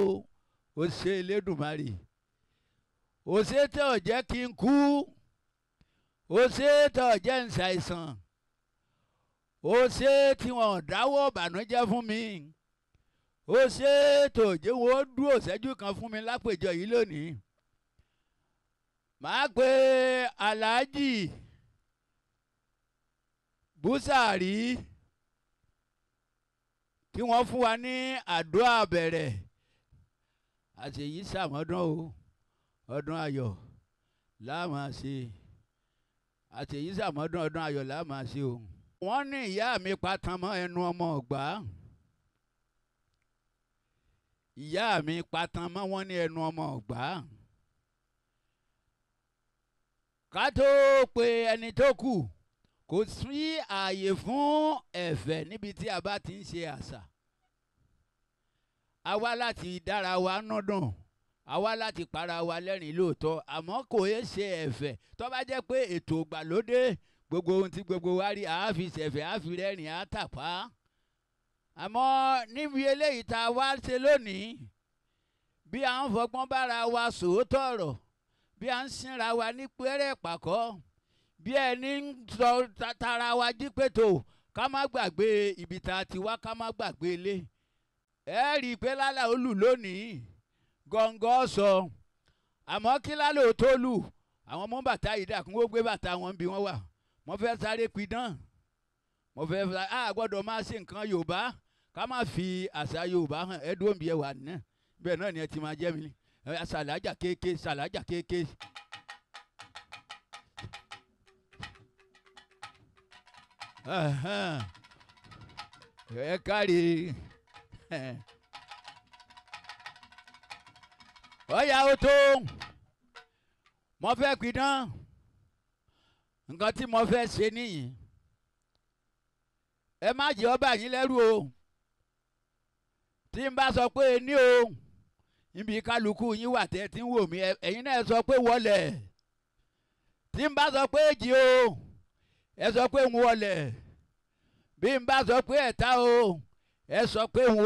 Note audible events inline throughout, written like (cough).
o ò ṣe elédùnmarè ò ṣe tẹ ò jẹ́ kí n kú ò ṣe tẹ ò jẹ́ n ṣàìsàn ò ṣe tí wọn ò dáwọ́ ìbànújẹ́ fún mi ò tó jẹ́ wọn dúró ṣẹ́jú kan fún mi lápèjọ yìí lónìí màá pe aláàjì búsàrí kí wọ́n fún wa ní àdúrà bẹ̀rẹ̀ àṣèyí sàmọ́dún o ọdún ayọ̀ láàmà ṣe àṣèyí sàmọ́dún ọdún ayọ̀ láàmà ṣe o. wọ́n ní ìyá mi patan mọ́ ẹnu ọmọ ọ̀gbá ìyá mi patan mọ́ wọ́n ní ẹnu ọmọ ọ̀gbá ká tó pe ẹni tó kù kò sí ààyè fún ẹ̀fẹ̀ níbi tí a bá ti ń ṣe àṣà a wá láti dára wa nú a wá láti para wa lẹ́rìn lóòótọ́ àmọ́ kò é ṣe ẹ̀fẹ̀ tó bá jẹ́ pé ètò ìgbàlódé gbogbo ohun tí gbogbo wa rí àáfi ṣẹ̀fẹ̀ àáfi àmọ́ níbi eléyìí tá a wá ṣe lónìí bí a ń fọgbọ́n bára wa sòótọ́ ọ̀rọ̀ bí a ń sinra wa ní pẹ́rẹ́ pàkọ́ bí ẹni ń sọ tara wa jí pé tó ká má gbàgbé ibi tá a ti wá ká má gbàgbé ilé ẹ rí i pé lálẹ́ ó lù lónìí gọ̀ǹgọ̀ sọ àmọ́ kí lálẹ́ ò tó lù àwọn ọmọ bàtà yìí dà kún ó gbé bàtà wọn bí wọ́n wà mo fẹ́ sáré pidán mo fẹ́ sáré a gbọ́dọ̀ máa ṣe nǹkan Yorùbá ká má fi àṣà Yorùbá hàn ẹ dúró bí ẹ wà náà bẹ́ẹ̀ náà ni ẹ ti máa jẹ́ mi ṣàlájà kéèké ṣàlájà kéèké. ẹ kárí. Ọyà, ó tó Mọ fẹ́ pidán nǹkan tí mo fẹ́ ṣe nìyí ẹ má jẹ́ ọba yín lẹ́rù o tí n bá sọ pé ní o ibi kálukú yín wà tẹ́ tí ń wò mí ẹ̀yin náà sọ pé wọlé tí n bá sọ pé èjì o ẹ sọ pé ń wọlé sọ pé ẹ̀ta o. ẹ sọ pé ń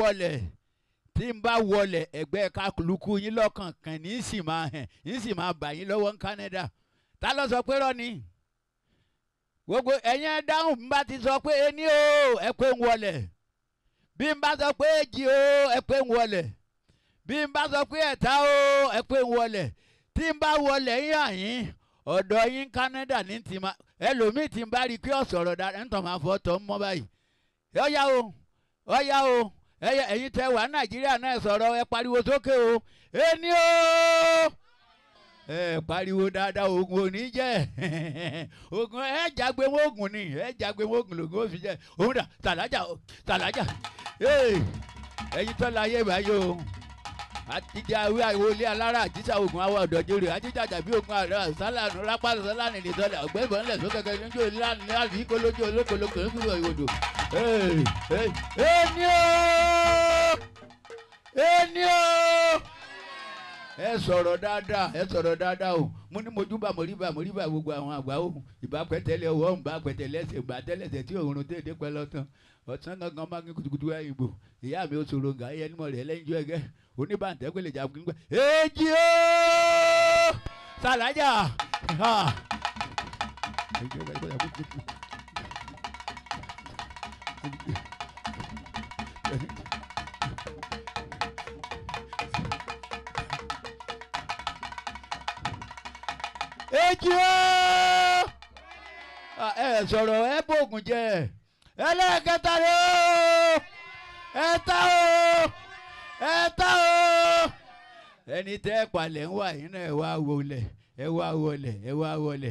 tí n bá wọlẹ̀ ẹgbẹ́ kakuluku yín lọ́kàn kan ní í sì máa hẹ̀ ní í sì máa bà yín lọ́wọ́ ní Canada ta ló sọ pé rọ́ ni gbogbo ẹ̀yin ẹ dáhùn bí n bá ti sọ pé ení o ẹ pé ń wọlẹ̀ bí n bá sọ pé èjì o ẹ pé ń wọlẹ̀ bí n bá sọ pé ẹ̀ta o ẹ pé ń wọlẹ̀ tí n bá wọlẹ̀ yín àyín ọ̀dọ̀ yín Canada ní ti máa ẹlòmíì tí n bá rí i pé ọ̀sọ̀rọ̀ dára ń tàn máa fọ́ tọ́ ń mọ́ báyìí yọ̀ọ́yà o. ọ̀yá o ẹ̀yin tẹ wà nàìjíríà náà sọ̀rọ̀ ẹ pariwo sókè o ẹni o ẹ pariwo dáadáa ogun òní jẹ (laughs) ogun ẹ jágbe wógun ni ẹ jágbe wógun lògùn òfin jẹ òun dà tàlájà tàlájà ẹ̀yin tọ́lá ayé báyìí o àtijọ́ awé àwọlé alára àjíṣà ogun awọ ọ̀dọ́jọ́rẹ́ àjíjàjà bí ogun àrẹ àṣálànù rápálù sálànì nìdọ́lẹ̀ ọ̀gbẹ́bọ̀n lẹ̀ sókèké lójú ìlànà láti ìkólójú olókolókò lókùnrin ìwòdò. ẹni o ẹni o ẹ sọ̀rọ̀ dáadáa ẹ sọ̀rọ̀ dáadáa o mo ní mojú bá mo rí bá mo rí bá gbogbo àwọn àgbà o ìbá pẹ̀tẹ́lẹ̀ ọwọ́ ń bá pẹ̀tẹ́lẹ̀ ẹsẹ̀ ìgbà tẹ́lẹ̀sẹ̀ tí òórùn tètè pẹ́ lọ́tàn ọ̀sán gangan máa ń kutukutu ẹ̀ ìgbò ìyá mi ò sọ̀rọ̀ gà ẹyẹ nímọ̀ rẹ̀ lẹ́yìn ẹgẹ́ oníbàǹtẹ́ pé lè jà fún gbẹ. èjì sàlájà ha. kejì ó ah, ẹ sọ̀rọ̀ ẹ bògùn jẹ ẹlẹ́ẹ̀kẹta ló ẹ ta ó ẹ ta ó ẹni tẹ́ palẹ̀ ń wà yín náà ẹ wá wọlé ẹ wá wọlé ẹ wá wọlé.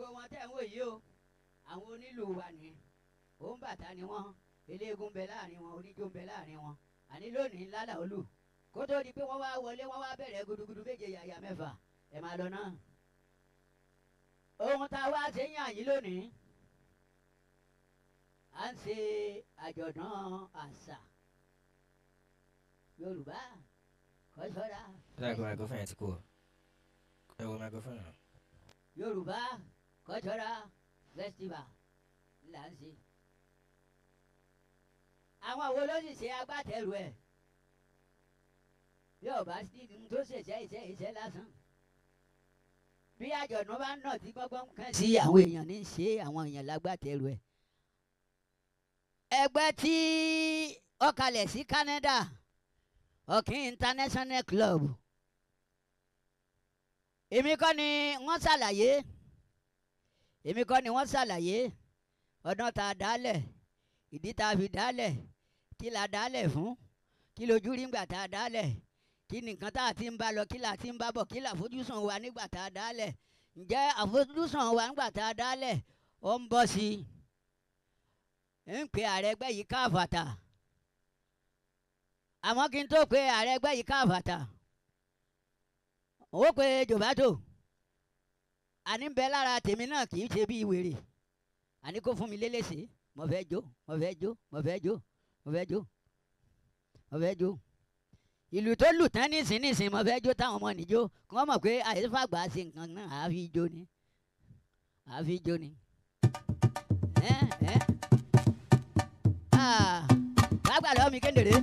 gbogbo wọn tẹ̀ ń wò yìí o àwọn onílù wa nìyẹn òun bàtà ni wọ́n eléégún bẹ láàrin wọn oníjó bẹ láàrin wọn àní lónìí lálà kó tó di pé wọ́n wá wọlé wọ́n wá bẹ̀rẹ̀ gudugudu méje yàyà mẹ́fà ẹ̀ máa lọ náà ohun tá a wá ti yàn yìí lónìí à ń ṣe àjọ̀dún àṣà yorùbá kò sọ́ra. ṣé àgbọ̀n àgọ́fẹ́ yẹn ti kú ẹ wo microphone náà. yorùbá cultural festival là ń ṣe àwọn wo ló sì ṣe agbátẹrù ẹ̀ bí ọba sí ní tó ṣẹ̀ṣẹ̀ iṣẹ́ iṣẹ́ lásán bí àjọ̀dún bá ń nà tí gbọ́ngbọ́n kan sí àwọn èèyàn ní ṣe àwọn èèyàn lágbátẹrù ẹ̀ ẹgbẹ́ tí ó kalẹ̀ sí Canada Ọ̀kín International Club èmi kọ́ ni wọ́n ṣàlàyé èmi kọ́ ni wọ́n ṣàlàyé ọdún ta a dálẹ̀ ìdí tá a fi dálẹ̀ kí la dálẹ̀ fún kí lójú rí ngbà tá a dálẹ̀ kí nìkan tá a ti ń bá lọ kí la ti ń bá bọ̀ kí la fojúsùn wa nígbà tá dálẹ̀ ǹjẹ́ àfojúsùn wa nígbà tá dálẹ̀ ó ń bọ́ sí i ń pe ààrẹ ẹgbẹ́ yìí káfàtà àmọ́ kí n tó pe ààrẹ ẹgbẹ́ yìí káfàtà ó pe jòbátò àní bẹ lára tèmi náà kì í ṣe bí wèrè àní kó fún mi lélẹ́sẹ̀ mo fẹ́ jó mo fẹ́ jó mo fẹ́ jó mo fẹ́ jó mo fẹ́ jó ìlú tó lù tán nísinsìnyí mo fẹ́ jó táwọn ọmọ nìjó kí wọ́n mọ̀ pé àyèfàgbà ṣe nǹkan náà àáfi jó ni àáfi jó ni. ẹ ẹ ah bàbá lọ́wọ́ mi kéde rèé.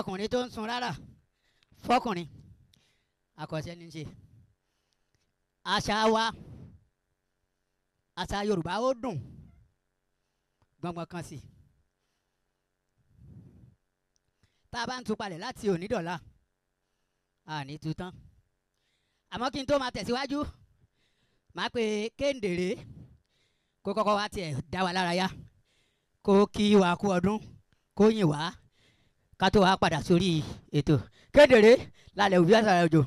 ọkùnrin tó ń sun rárá fọkùnrin àkọsẹ́ ní ṣe àṣà wa àṣà Yorùbá ó dùn gbọ̀ngbọ̀n kan sí tá a bá ń tú palẹ̀ láti òní dọ̀la àní tú tán àmọ́ kí n tó máa tẹ̀síwájú máa pe kéńdèrè kó kọ́kọ́ wá tiẹ̀ dá wa lára yá kó kí wa kú ọdún kó yìn wá ká tó wá padà sórí ètò kédèrè lálẹ́ òbí àṣàrà òjò.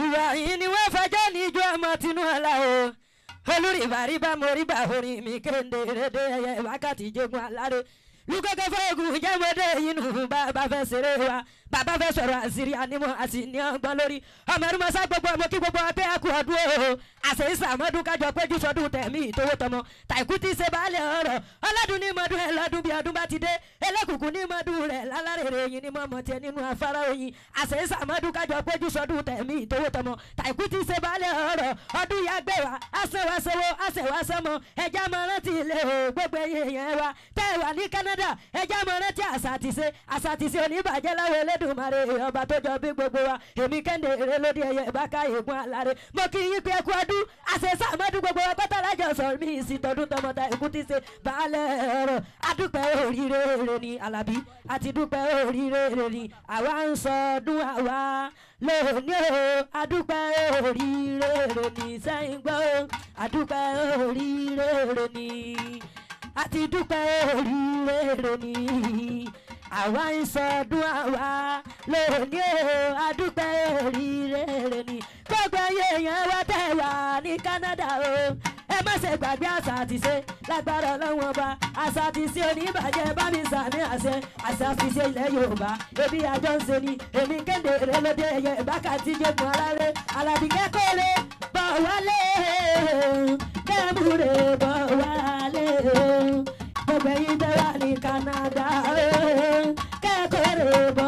ìyá yìí ni wọ́n fẹjọ́ níjọ́ ọmọ tinú ọ̀la o olùrìbàrí bá mo rí bá orin mi kéde rédé ẹyẹ wákàtí jogun aláré lukeke fóògùn jẹ́mọ́dé inú bàbá fẹ́ ṣeré wa bàbá fẹ́ sọ̀rọ̀ àṣírí ànímọ́ àti ní ọgbọ́n lórí ọmọ ẹ̀rú mọ́sá gbogbo ọmọ kí gbogbo ọpẹ́ àkú ọdún o àṣeyíṣà àmọ́dún kájọ péjú sọdún tẹ̀mí ìtòwó tọmọ tàìkú tí ṣe baálé ọ̀rọ̀ ọlọ́dún ní mọ́dún ẹ̀ lọ́dún bí ọdún bá ti dé elékùnkùn ní mọ́dún rẹ̀ lálárèrè oyin ní mọ́mọ́ tiẹ̀ nínú afárá oyin àṣeyíṣà àmọ́dún kájọ péjú sọdún tẹ̀mí ìtòwó tọmọ tàìkú tí ṣe baálé ọ̀rọ̀ ọdún yà gbé wa àṣewàṣewò àṣewàṣemọ ẹja mọ rántí ilé o wa tẹ́ ẹ wà ní Canada ẹja mọ rántí àṣàtìṣe àṣàtìṣe oníbàjẹ́ láwọn Elédùmarè ọba tó jọ bí gbogbo wa èmi kẹ́ndé èrè lóde ẹ̀yẹ ìbáka ègún aláre mo kí yín pé ẹ kú ọdún àṣẹṣe àmọ́dún gbogbo wa pátá lájọ sọ̀rọ̀ mi ìsìn tọdún tọmọta èkú ti ṣe baálẹ̀ ọ̀rọ̀ adúpẹ́ oríire rẹ ni alábí àti dúpẹ́ oríire rẹ ni àwa ń sọdún àwa lónìí o adúpẹ́ oríire rẹ ni sẹ́yìn gbọ́ adúpẹ́ oríire rẹ ni àti dúpẹ́ oríire rẹ ni àwa ń sọdún àwa lónìí o adúpẹ́ oríire ni gbogbo èèyàn wá tẹ̀ ní Canada o ẹ má ṣe gbàgbé àṣà àtìṣe lágbára ọlọ́wọ́n ọba àṣà àtìṣe oníbàjẹ́ bá mi sàmì àṣẹ àṣà àtìṣe ilẹ̀ Yorùbá ebi àjọ ń ṣe ni èmi kéde rẹ lóde ẹ̀yẹ ìbákàtí jẹ́gun aláré alábìkẹ́ kó lè bọ̀ wálé kẹ́múre bọ̀ wálé gbogbo ẹ̀yin tẹ́wà ní Canada. Eba.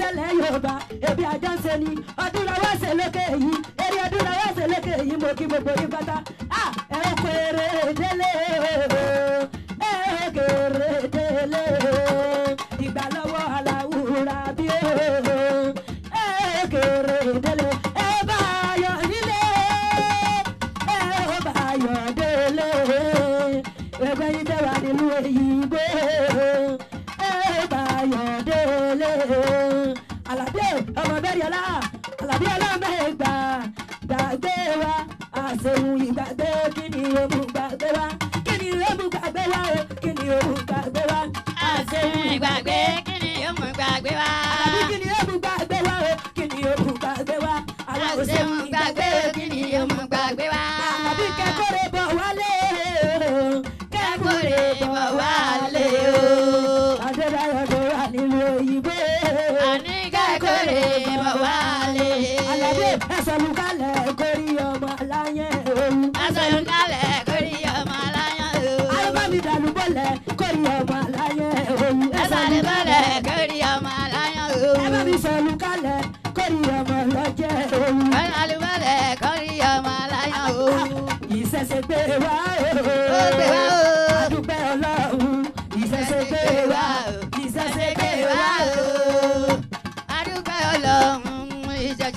ṣẹlẹ̀ Yorùbá ebi àjọṣe ni ọdún lọ́wọ́ yìí eré ọdún lọ́wọ́ yìí mo kí gbogbo yín pátá ah, ẹ̀rọ pèrè délé.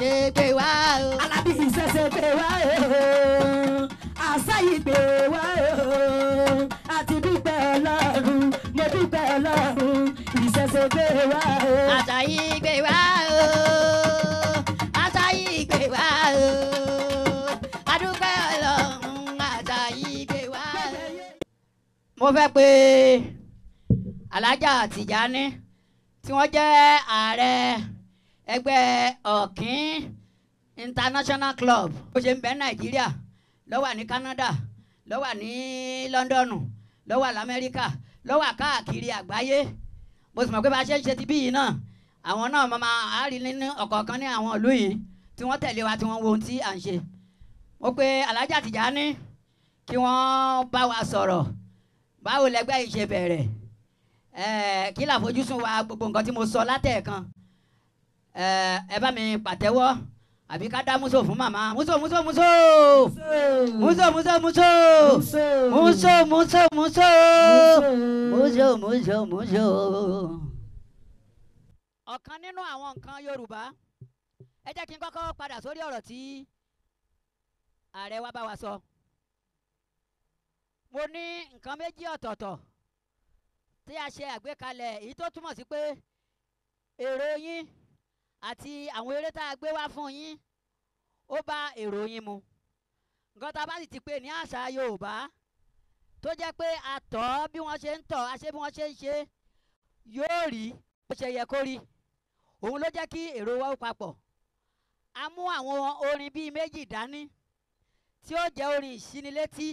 ṣe gbé wá o. Alábí ìṣẹ̀ṣẹ̀ gbé wá o. Àṣàyí gbé wá o. Àti dúpẹ́ ọlọ́run, mo dúpẹ́ ọlọ́run, ìṣẹ̀ṣẹ̀ gbé wá o. Àṣàyí gbé wá o. Àṣàyí gbé wá o. Adúpẹ́ ọlọ́run, àṣàyí gbé wá o. Mo fẹ́ pé Alájà Tìjání tí wọ́n jẹ́ ààrẹ ẹgbẹ́ ọ̀kín international club bó ṣe ń bẹ nàìjíríà ló wà ní canada ló ní london ló wà lamẹ́ríkà ló wà káàkiri àgbáyé mo sì mọ̀ pé bá a ṣe ń ṣe ti bí yìí náà àwọn náà mọ̀ máa á rí nínú ọ̀kọ̀ọ̀kan ní àwọn ìlú yìí tí wọ́n tẹ̀lé wa tí wọ́n wo ohun tí à ń ṣe mo pe Alhaja Tijani kí wọ́n bá wa sọ̀rọ̀ báwo lẹgbẹ́ yìí ṣe bẹ̀rẹ̀ kí làfojúsùn wa gbogbo nǹkan tí mo sọ látẹ̀ẹ̀kan ẹ bá mi pàtẹ́wọ́ àbí ká dá muso fún màmá muso muso muso muso muso muso muso muso muso muso muso muso. ọ̀kan nínú àwọn nǹkan Yorùbá ẹ jẹ́ kí n kọ́kọ́ padà sórí ọ̀rọ̀ tí ààrẹ wa bá wa sọ. mo ní nǹkan méjì ọ̀tọ̀ọ̀tọ̀ tí a ṣe àgbékalẹ̀ èyí tó túmọ̀ sí pé èrò yín àti àwọn eré tá a gbé wá fún yín ó bá èrò yín mu nǹkan tá a bá sì ti pè ní àṣà Yorùbá tó jẹ́ pé a tọ̀ ọ́ bí wọ́n ṣe ń tọ̀ a ṣe bí wọ́n ṣe ń ṣe yóò rí bó ṣe yẹ kó rí òun ló jẹ́ kí èrò wa ó papọ̀ a mú àwọn orin bíi méjì dání tí ó jẹ́ orin ìṣínilétí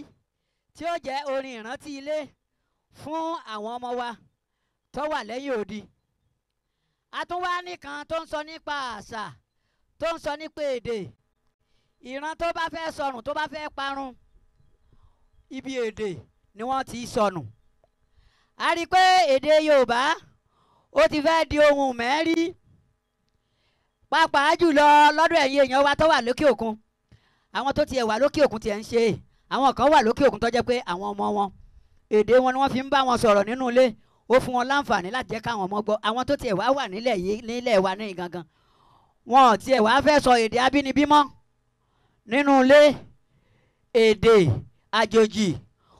tí ó jẹ́ orin ìrántí ilé fún àwọn ọmọ wa tó wà lẹ́yìn odi a tún wá nìkan tó ń sọ nípa àṣà tó ń sọ nípa èdè ìran tó bá fẹ́ sọnù tó bá fẹ́ parun ibi èdè ni wọ́n ti sọnù a rí i pé èdè Yorùbá ó ti fẹ́ di ohun mẹ́rí pàápàá jùlọ lọ́dọ̀ ẹ̀yin èèyàn wa tó wà lókè òkun àwọn tó tiẹ̀ wà lókè òkun tiẹ̀ ń ṣe àwọn kan wà lókè òkun tó jẹ́ pé àwọn ọmọ wọn èdè wọn ni wọ́n fi ń bá wọn sọ̀rọ̀ nínú ilé ó fún wọn láǹfààní láti jẹ́ káwọn ọmọ gbọ́ àwọn tó tiẹ̀ wá wà nílẹ̀ yìí nílẹ̀ wa ní gangan wọn ò tiẹ̀ wá fẹ́ sọ èdè abínibí mọ́ nínú ilé èdè àjòjì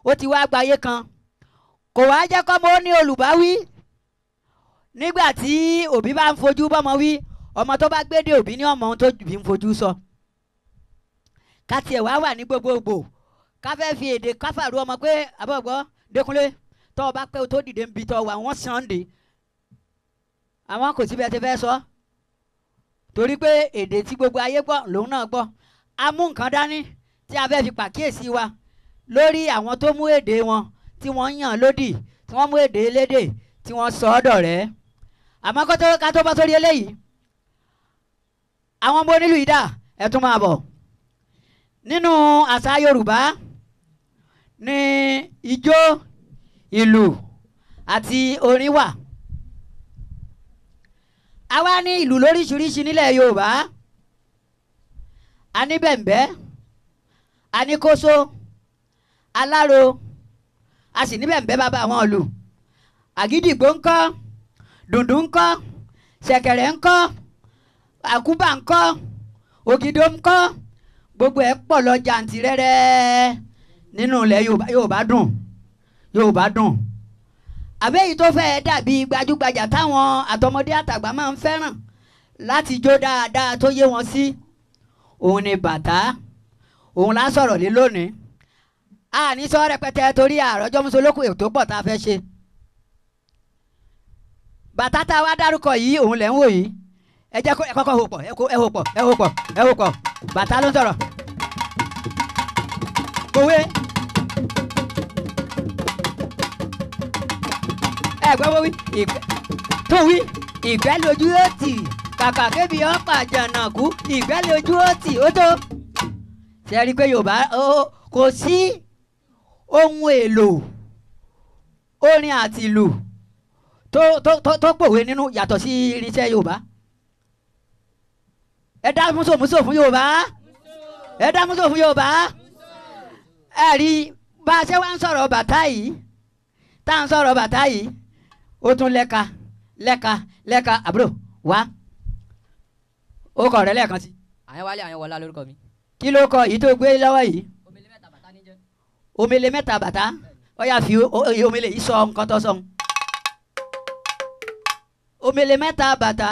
ó ti wá gbayé kan kò wá jẹ́ kọ́mọ ó ní olùbáwí nígbà tí òbí bá ń fojú bọ́mọ wí ọmọ tó bá gbédè òbí ní ọmọ ohun tó bí ń fojú sọ ká tiẹ̀ wá wà ní gbogbogbò ká fẹ́ fi èdè káfàrú ọmọ pé àbọ̀gbọ́ Dékúnlé tọ́ ọ bá pẹ́ o tó dìde ń bi tọ́ wà wọ́n sànńdé àwọn kò síbi ẹ ti fẹ́ sọ torí pé èdè tí gbogbo ayé gbọ́ lòun náà gbọ́ a dání tí a fẹ́ fi pàkíyèsí wa lórí àwọn tó mú èdè wọn tí wọ́n ń yàn lódì tí wọ́n mú èdè elédè tí wọ́n sọ ọ́ dọ̀rẹ́ àmọ́ kó tó ká tó bọ́ sórí eléyìí àwọn ọmọ onílù yìí dà tún máa bọ̀ nínú àṣà Yorùbá ni ijó ìlù àti orin wà a wá ní ìlù lóríṣiríṣi nílẹ̀ Yorùbá a ní bẹ̀m̀bẹ́ a ní kóso aláró a sì ní bẹ̀m̀bẹ́ bàbá àwọn ìlù àgídìgbò ńkọ́ dùndú ńkọ́ ṣẹ̀kẹ̀rẹ̀ ńkọ́ àkúbà ńkọ́ ògìdó ńkọ́ gbogbo ẹ̀ pọ̀ lọ jàǹtìrẹrẹ nínú ilẹ̀ Yorùbá dùn yorùbá dùn àbẹ́yìí tó fẹ́ dàbí gbajúgbajà táwọn àtọmọdé àtàgbà máa ń fẹ́ràn láti jó dáadáa tó yé wọn sí òun ni bàtá òun là ń sọ̀rọ̀ lé lónìí a ní sọ rẹpẹtẹ torí àròjọ́ mùsùlùkù ètò pọ̀ tá a fẹ́ ṣe bàtá tá a wá dárúkọ yìí òun lẹ̀ ń wò yìí ẹ jẹ́ kó ẹ kọ́kọ́ hò pọ̀ ẹ hò pọ̀ ẹ hò pọ̀ ẹ hò pọ̀ bàtá ló ń sọ̀rọ̀ kòwé. àgbẹ̀ wọ́n wí ìgbẹ́ tó wí ìgbẹ́ lójú ó tì kàkà kébi ọ̀pá jàǹdàkú ìgbẹ́ lójú ó tì ó tó. ṣe rí i pé yorùbá kò sí ohun èlò orin àti ìlù tó tó tó pòwe nínú yàtọ̀ sí irinṣẹ́ yorùbá. ẹ dá músòmúsò fún yorùbá ẹ dá músò fún yorùbá ẹ rí bá a ṣe wá ń sọ̀rọ̀ bàtá yìí tá à ń sọ̀rọ̀ bàtá yìí ó tún lẹ́ka lẹ́ka lẹ́ka àbúrò wá ó kọ rẹ lẹ́ẹ̀kan sí. àyẹn wálé àyẹn wọlá lórúkọ mi. kí ló kọ èyí tó gbé lọ́wọ́ yìí. omele mẹ́ta bàtà níjẹ́. omele mẹ́ta bàtà ó yà fi omele yìí sọ nǹkan tó sọ. omele mẹ́ta bàtà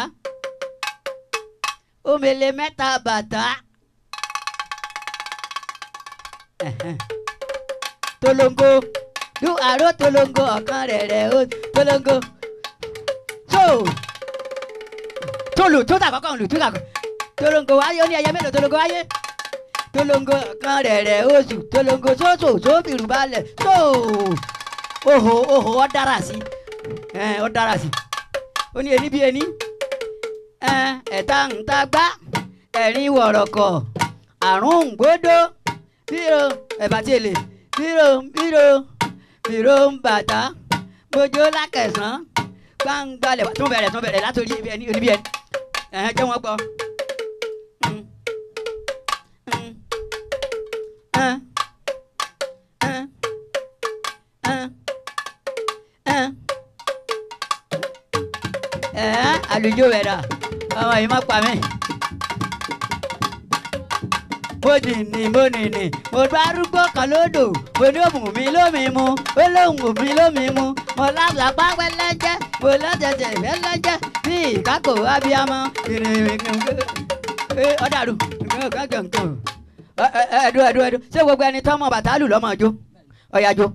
omele mẹ́ta bàtà tolongo lu àrò tolongo ọ̀kan rẹ̀ rẹ̀ ó polongo tó tó lù tó tàkọ́kọ́ lù tó tàkọ́ tolongo wáyé ó ní ẹyẹ mélòó tolongo wáyé tolongo kan rẹ̀rẹ̀ oṣù tolongo sóòtò sóòfìrù balẹ̀ tó oho oho ọ dára sí ọ dára sí ó ní ení bí ení ẹ̀ta ńta gbá ẹ̀rin wọ̀rọ̀kọ̀ àrùn gbódó bírò ẹ̀bàtì èlè bírò gbójó lákẹ̀sán gbangbalẹ̀ wà tún bẹ̀rẹ̀ tún bẹ̀rẹ̀ látòrí ibi ẹni oníbi ẹni ẹ̀hẹ́n jẹ́ wọ́n gbọ́. àlùjọ rẹ̀ rà ọmọ yìí má pa mí mo dì ní mo nì ní mo dárúgbó kan lódò mo ní òmù mi lómi mu ó lóhùn òmi lómi mu mo lálàpá wẹ́lẹ́jẹ́ mo lọ́jẹ̀jẹ̀ wẹ́lẹ́jẹ́ bí ìkákò abiyamọ ọ̀dàrú ẹ̀ẹ́dùn ẹ̀dùn ẹ̀dùn ṣé gbogbo ẹni tọ́mọ bàtà lù lọ́mọ jó ọ̀yàjó.